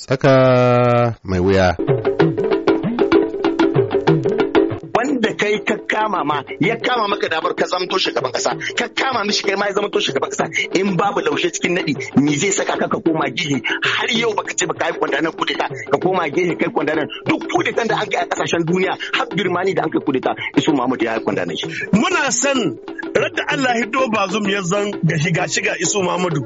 Tsaka mai wuya. Wanda kai ka kama ma ya kama maka damar ka zamto shugaban kasa ka kama mishi kai ma ya zamto shugaban kasa in babu laushe cikin nadi me zai saka ka ka koma gini har yau baka ce baka yi kwandanan kudeta ka koma gini kai kwandanan duk kudetan da an kai a kasashen duniya har birmani da an kai kudeta isu Muhammadu ya yi kwandanan shi muna san radda Allah hiddo bazum ya zan shiga shiga isu Muhammadu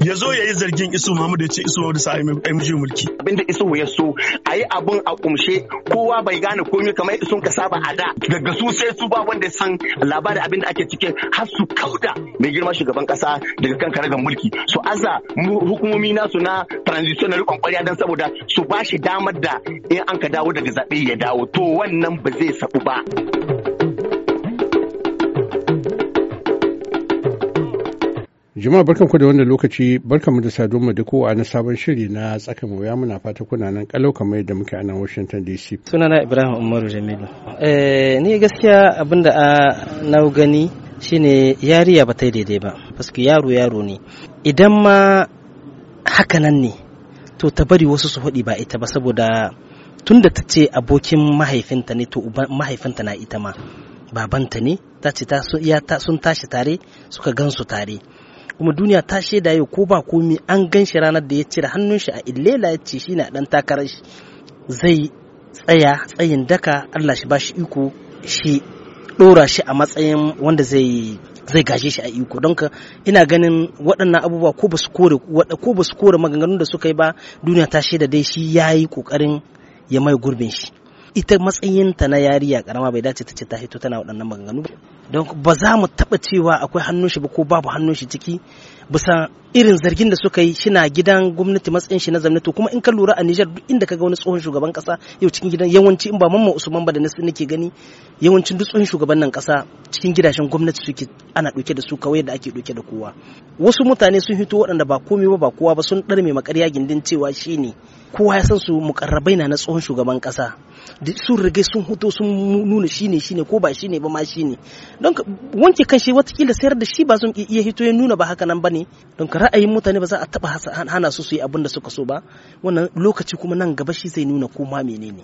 ya zo ya yi zargin isu Muhammadu ya ce isu Muhammadu sa aimishi mulki. Abinda isu ya so a yi abun a kumshe kowa bai gane komai kamar Isu ka saba a da daga su sai su ba wanda ya san labarin abin da ake ciki har su kauda mai girma shugaban kasa daga kan karagar mulki su aza hukumomi nasu na transition na rikon kwarya don saboda su ba shi damar da in an ka dawo daga zaɓe ya dawo to wannan ba zai sabu ba. Juma'a barkan ku da wannan lokaci barkan mu da saduwar mu da kowa na sabon shiri na tsakan wuya muna fata kuna nan kalau kamar yadda muke a nan Washington DC. Sunana Ibrahim Umaru Jamilu. Eh ni gaskiya abinda ah, na gani shine yariya ba ta yi daidai ba paske yaro yaro ne idan ma haka nan ne to ta bari wasu su haɗi ba ita ba saboda tunda da ta ce abokin mahaifinta ne to mahaifinta na ita ma babanta ne ta ce sun tashi tare suka gansu tare kuma duniya ta shaida yau ko ba komi an gan shi ranar da ya cire hannun shi a illela ya ce shi na dan takarar shi zai tsaya tsayin daka Allah shi ba shi iko shi ɗora shi a matsayin wanda zai zai gaje shi a iko don ka ina ganin waɗannan abubuwa ko ba su kore ko ba kore maganganun da suka yi ba duniya ta shaida dai shi yi kokarin ya mai gurbin shi ita matsayinta na yariya karama bai dace ta ce ta hito tana waɗannan maganganu don ba za mu taɓa cewa akwai hannun shi ba ko babu hannun shi ciki bisa irin zargin da suka yi na gidan gwamnati matsayin shi na zamani to kuma in ka lura a Nijar duk inda ka ga wani tsohon shugaban kasa yau cikin gidan yawanci in ba mamman Usman ba da na ke gani yawancin duk tsohon shugaban nan kasa cikin gidajen gwamnati suke ana ɗauke da su kawai da ake ɗauke da kowa wasu mutane sun hito waɗanda ba komai ba ba kowa ba sun ɗarme makarya gindin cewa shi ne kowa ya san su mukarrabai na na tsohon shugaban kasa su rage sun hoto sun nuna shine shine ko ba shine ba ma shine don wanke kan shi watakila sayar da shi ba sun iya hito ya nuna ba haka nan bane don ka ra'ayin mutane ba za a taba hana su su yi abin da suka so ba wannan lokaci kuma nan gaba shi zai nuna ko ma menene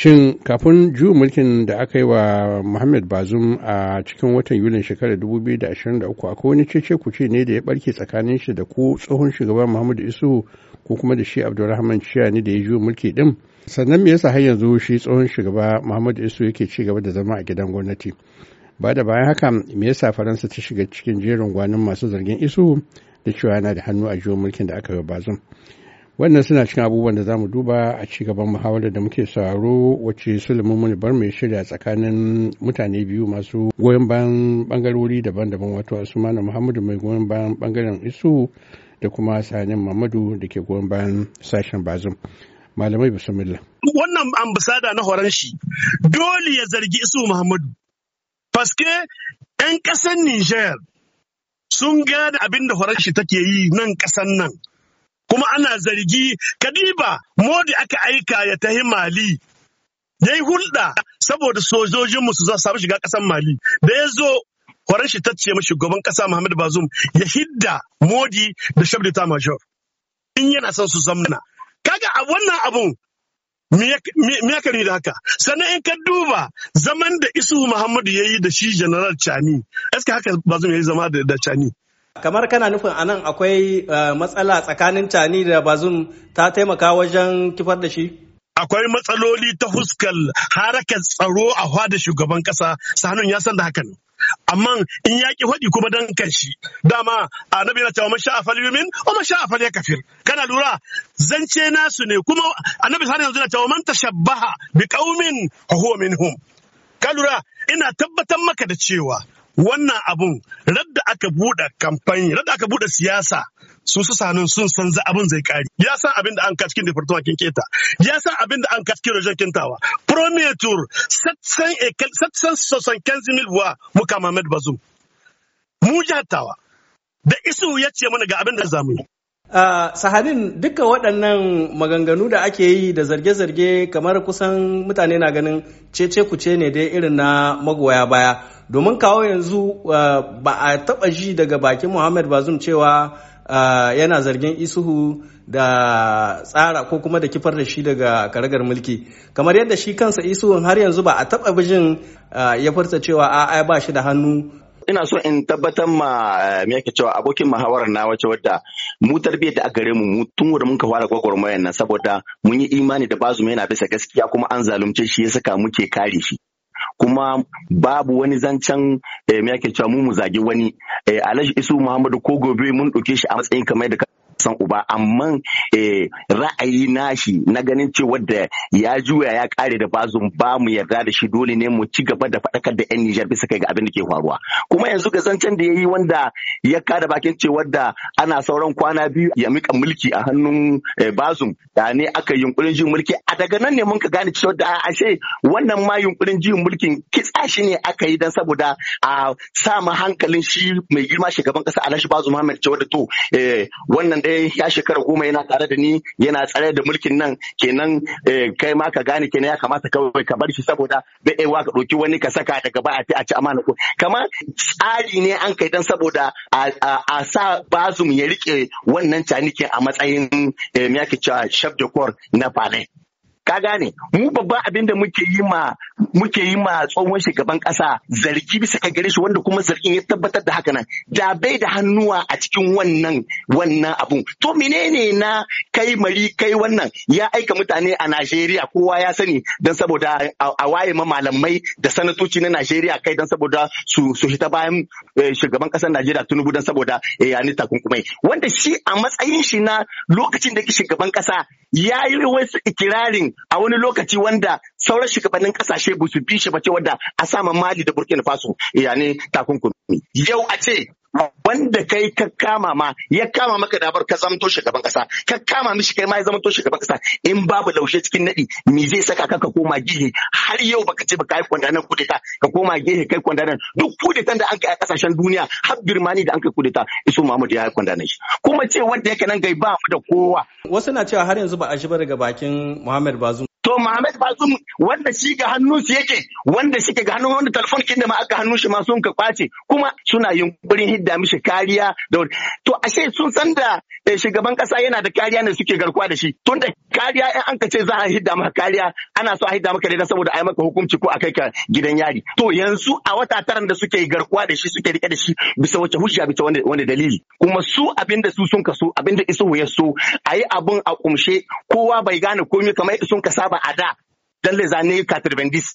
Shin kafin juyin mulkin da aka yi wa Muhammad Bazum a cikin watan Yulin shekarar 2023 akwai wani cece kuce ne da ya barke tsakanin shi da ku tsohon shugaban Muhammadu Isu ko kuma da shi Abdulrahman ne da ya juyin mulki din. Sannan me yasa har yanzu shi tsohon shugaba Muhammadu Isu yake ci gaba da zama a gidan gwamnati? Ba da bayan haka me yasa Faransa ta shiga cikin jerin gwanin masu zargin Isu da cewa yana da hannu a juyin mulkin da aka yi wa Bazum? wannan suna cikin abubuwan da za mu duba a ci gaban muhawarar da muke sauraro wacce sulaiman muni bar mai shirya tsakanin mutane biyu masu goyon bayan bangarori daban-daban wato asmanu muhammadu mai goyon bayan bangaren isu da kuma sanin mamadu da ke goyon bayan sashen bazum malamai bismillah wannan ambasada na horon shi dole ya zargi isu muhammadu faske 'yan kasan niger sun gane abin da horon shi take yi nan kasan nan kuma ana zargi kadiba modi aka aika ya tahi mali ya yi hulɗa saboda sojojinmu su samu shiga ƙasar mali da ya zo kwaran shi ta ce mashi gaban ƙasa muhammadu bazum ya hidda modi da shabda ta major in yana son su zamana kaga a wannan abun me ya da haka sannan in ka duba zaman da isu muhammadu ya yi da shi general chani eska haka bazum ya yi zama da chani kamar kana nufin anan akwai eh, matsala tsakanin tani da bazum ta taimaka wajen kifar da shi akwai matsaloli ta huskar harakar tsaro a hada shugaban kasa sanun ya san da hakan amma in ya ki faɗi kuma dan kanshi dama annabi na cewa man sha'a fal yumin wa man sha'a fal yakfir kana lura zance nasu ne kuma annabi sanin yanzu na cewa man tashabbaha bi qaumin huwa minhum ka lura ina tabbatar maka da cewa wannan abun aka buɗe kamfani da aka buɗe siyasa su su sanin sun san abin zai kare ya san abin da an ka cikin department kin keta ya san abin da an ka cikin rajon kintawa premier tour 775 mil voix muka mamed Bazoum mu jihar tawa da isu ya ce mana ga abin da zamu yi sahanin duka waɗannan maganganu da ake yi da zarge-zarge kamar kusan mutane na ganin cece kuce ne dai irin na magoya baya domin kawo yanzu ba a taɓa ji daga bakin muhammad bazum cewa yana zargin isuhu da tsara ko kuma da kifar da shi daga karagar mulki kamar yadda shi kansa isuhun har yanzu ba a taɓa bijin ya furta cewa a'a ba shi da hannu ina so in tabbatar ma eh, me yake cewa abokin muhawarar na wace wadda mu tarbiyyar da a gare mu mu tun mun muka fara gwagwarmayar nan saboda mun yi imani da bazu yana bisa gaskiya kuma an zalunce shi ya saka muke kare shi kuma babu wani zancen eh, me yake cewa mu mu zagi wani eh, alhaji isu muhammadu ko gobe mun ɗauke shi a matsayin kamar da san uba amma eh, ra'ayi nashi na ganin cewa da ya juya ya kare da bazum ba mu yarda da shi dole ne mu ci gaba da faɗakar da 'yan Nijar bisa kai ga abin da ke faruwa kuma yanzu ga zancen da ya yi wanda ya kada bakin cewa da ana sauran kwana biyu ya mika mulki a hannun eh, bazum da ne aka yunkurin jin mulki a daga nan ne mun ka gane cewa da ashe wannan ma yunkurin jin mulkin kitsa shi ne aka yi dan saboda a sa hankalin shi mai girma shugaban kasa Alhaji Bazum Muhammad cewa da to eh, wannan ɗaya eh, ya shekara goma yana tare da ni yana tsare da mulkin nan kenan eh, kai ma ka gane kenan ya kamata kawai ka bar shi saboda da ewa ka ɗauki wani ka saka daga ba a ci amana ko kamar tsari ne an kai dan saboda a sa bazum ya rike wannan canikin a matsayin eh, me yake cewa de corps na palais ka gane mu babban abin da muke yi ma muke yi ma tsohon shugaban kasa zargi bisa ka gare shi wanda kuma zargin ya tabbatar da haka nan da bai da hannuwa a cikin wannan wannan abun to menene na kai mari kai wannan ya aika mutane a Najeriya kowa ya sani dan saboda a waye ma malamai da sanatoci na Najeriya kai dan saboda su su hita bayan eh, shugaban kasar Najeriya Tinubu dan saboda eh, ya ni takunkumai wanda shi a matsayin shi na lokacin da shugaban kasa ya yi wasu ikirarin a wani lokaci wanda sauran shugabannin kasashe ba su bi shi ba ce wanda a saman mali da burkina faso yani takunkumi yau a ce wanda kai ka kama ma ya kama maka dabar ka zamto shugaban kasa ka kama mishi kai ma ya zamto shugaban kasa in babu laushe cikin nadi me zai saka ka ka koma gihe har yau baka ce baka yi kwandanan kudeta ka koma gihe kai kwandanan duk kudetan da an kai a kasashen duniya har birmani da an kai kudeta isu Muhammad ya yi kwandanan shi kuma ce wanda yake nan gai ba mu da kowa wasu na cewa har yanzu ba a shi ba daga bakin Muhammad Bazum to Muhammad Bazum wanda shi ga hannu su yake wanda shi ga hannun wanda telefon kin da ma aka hannu shi ma sun ka kwace kuma suna yunkurin hidda mishi kariya da to ashe sun san da eh, shugaban kasa yana da kariya ne suke garkuwa da shi tunda kariya in an ka ce za a hidda maka kariya ana so a hidda maka ne saboda a yi maka hukunci ko a kai ka gidan yari to yanzu a wata taran da suke garkuwa da shi suke rike da shi bisa wace hujja bisa wani dalili kuma su abinda su sun kaso abinda isu ya so yi abun a kumshe kowa bai gane komai kamar sun ba a da dalle zane zane bendis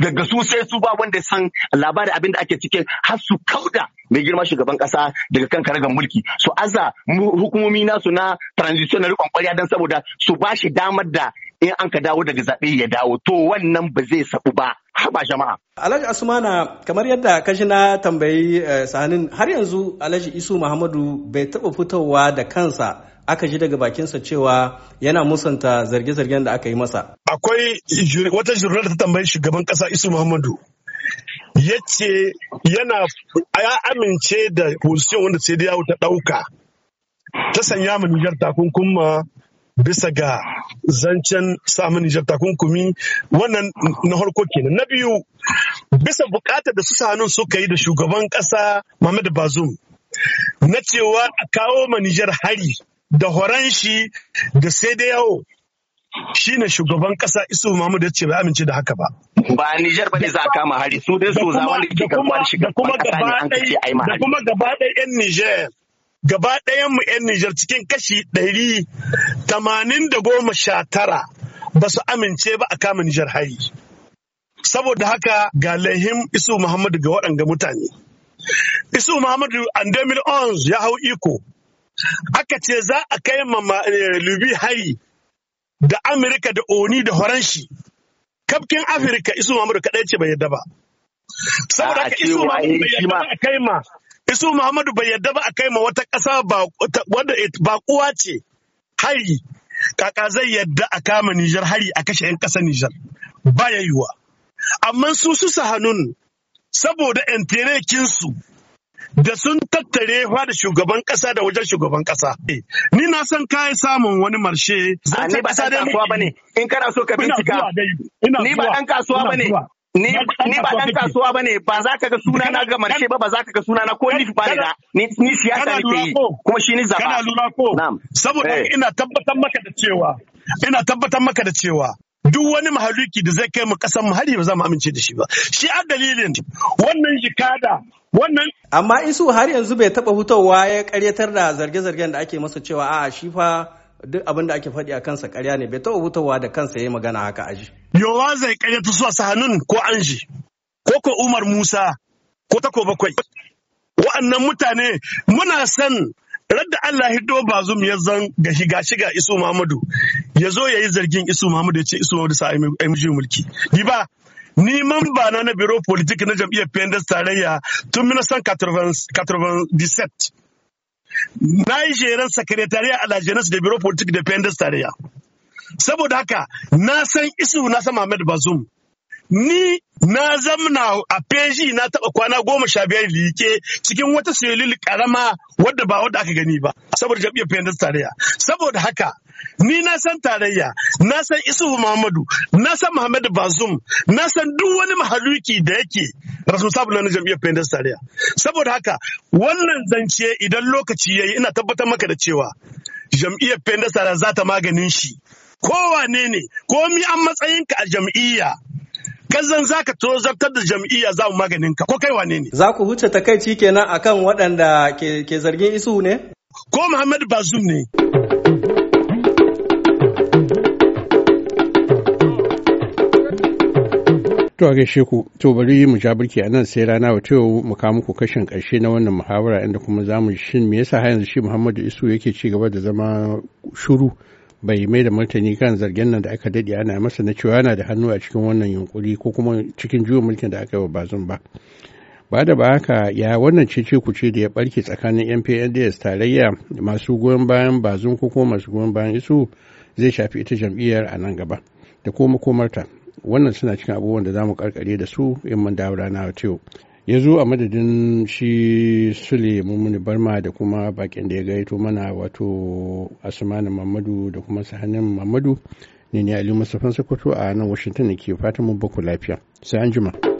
daga su sai su ba wanda san labari abin da ake cike har su kauda mai girma shugaban kasa daga kan karagar mulki su aza hukumomi nasu na transitional rikon kwarya dan saboda su ba shi damar da in an ka dawo daga zaɓe ya dawo to wannan ba zai saɓu ba ba jama'a. Alhaji Asmana kamar yadda kashi na tambayi eh, sahanin har yanzu Alhaji Isu Muhammadu bai taɓa fitowa da kansa aka ji daga bakinsa cewa yana musanta zarge-zargen da aka yi masa. Akwai wata jirgin da ta tambayi shugaban ƙasa Isu Muhammadu ya ce yana ya amince da position wanda sai da yawo ta ɗauka ta sanya mu Nijar takunkuma bisa ga zancen samun Nijar takunkumi wannan na harko kenan. Na biyu bisa bukatar da su hannun suka yi da shugaban ƙasa Muhammadu bazum na cewa a kawo manijar hari da horon shi da sai da yawo shi ne shugaban ƙasa Isu Muhammadu ya ce bai amince da haka ba. Ba Nijar ba ne za a kama hari su dai su zama da ke karɓar shi kuma gaba ɗaya 'yan Nijar gaba ɗayan mu 'yan Nijar cikin kashi ɗari tamanin da goma sha tara ba su amince ba a kama Nijar hari. Saboda haka ga lahim Isu Muhammadu ga waɗanga mutane. Isu Muhammadu Andemil Ons ya hau iko. Aka ce za a kai ma eh, Lubi hari da Amerika da Oni da Horanshi. Kafkin Afirka Isu Muhammadu kaɗai ce bai yadda ba. Saboda haka Isu Muhammadu bai yadda ba a kai ma Isu Muhammadu bai yarda ba a kai ma wata ƙasa wadda baƙuwa ce hari kaka zai yarda a kama Nijar hari a kashe 'yan ƙasar Nijar ba ya yiwa. Amma su su hannun saboda su da sun tattare fa da shugaban ƙasa da wajen shugaban ƙasa. Eh, ni na san kayi samun wani marshe. Ni ba ɗan kasuwa ba ne, in kana so ka bincika. Ni ba ɗan kasuwa ba ne, Ni ba ɗan kasuwa ba ne ba za ka ga suna na ga marshe ba ba za ka ga suna na ko ni ba da ni siyasa ke yi kuma shi ni zaba. Kana lura ko saboda eh. ina tabbatar maka da cewa ina tabbatar maka da cewa duk wani mahaluki da zai kai mu kasan mu hari ba za mu amince da shi ba shi a dalilin wannan jikada wannan amma isu har yanzu bai taba fitowa ya karyatar da zarge-zargen da ake masa cewa a'a shi fa duk abin da ake faɗi a kansa karya ne bai taɓa hutawa da kansa ya yi magana haka a ji. Yowa zai ƙaryata su a sahanun ko anji ko ko Umar Musa ko tako bakwai. Wa'annan mutane muna san radda Allah hiddo bazum ya zan ga shiga shiga Isu Muhammadu ya zo ya yi zargin Isu Muhammadu ya ce Isu Muhammadu sa MJ mulki. Ni ba ni mamba na na biro politik na jam'iyyar PNDS tarayya tun 1997. na yi jeran sakretariya a lajenas da biro politik da saboda haka na san isu na san Ahmed Bazum ni na zamna a peji na taba kwana goma sha biyar liƙe cikin wata selil karama wadda ba wadda aka gani ba saboda jam'iyyar tarayya saboda haka ni na san tarayya na san isuhu muhammadu na san muhammadu bazum na san duk wani mahaluki da yake responsable na jam'iyyar fayyandar tarayya saboda haka wannan zance idan lokaci yayi ina tabbatar maka da cewa jam'iyyar fayyandar tarayya za ta maganin shi kowane ne komi an matsayinka a jam'iyya gazan zaka tozartar da jam'iyya za mu maganin ka ko kai wane ne za ku huce takaici kenan akan waɗanda ke zargin isu ne ko Muhammadu Bazum ne To a sheku ku, to bari mu ja birki a nan sai rana wa yau mu kawo muku kashin ƙarshe na wannan muhawara inda kuma za mu shin me yasa har yanzu shi Muhammadu Isu yake ci gaba da zama shuru bai mai da martani kan zargen nan da aka daɗe ana masa na cewa yana da hannu a cikin wannan yunkuri ko kuma cikin juyin mulkin da aka yi wa bazum ba ba da ba haka ya wannan cece kuce da ya barke tsakanin mpnds tarayya masu goyon bayan bazum ko kuma masu goyon bayan isu zai shafi ita jam'iyyar a nan gaba da kuma komarta wannan suna cikin abubuwan da za mu karkare da su in mun dawo rana ta yau ya a madadin shi sule mummuni barma da kuma bakin da ya gaito mana wato asmanin mamadu da kuma sahanin mamadu ne ne ali musafan sokoto a nan washington ke fatan mun baku lafiya sai an jima.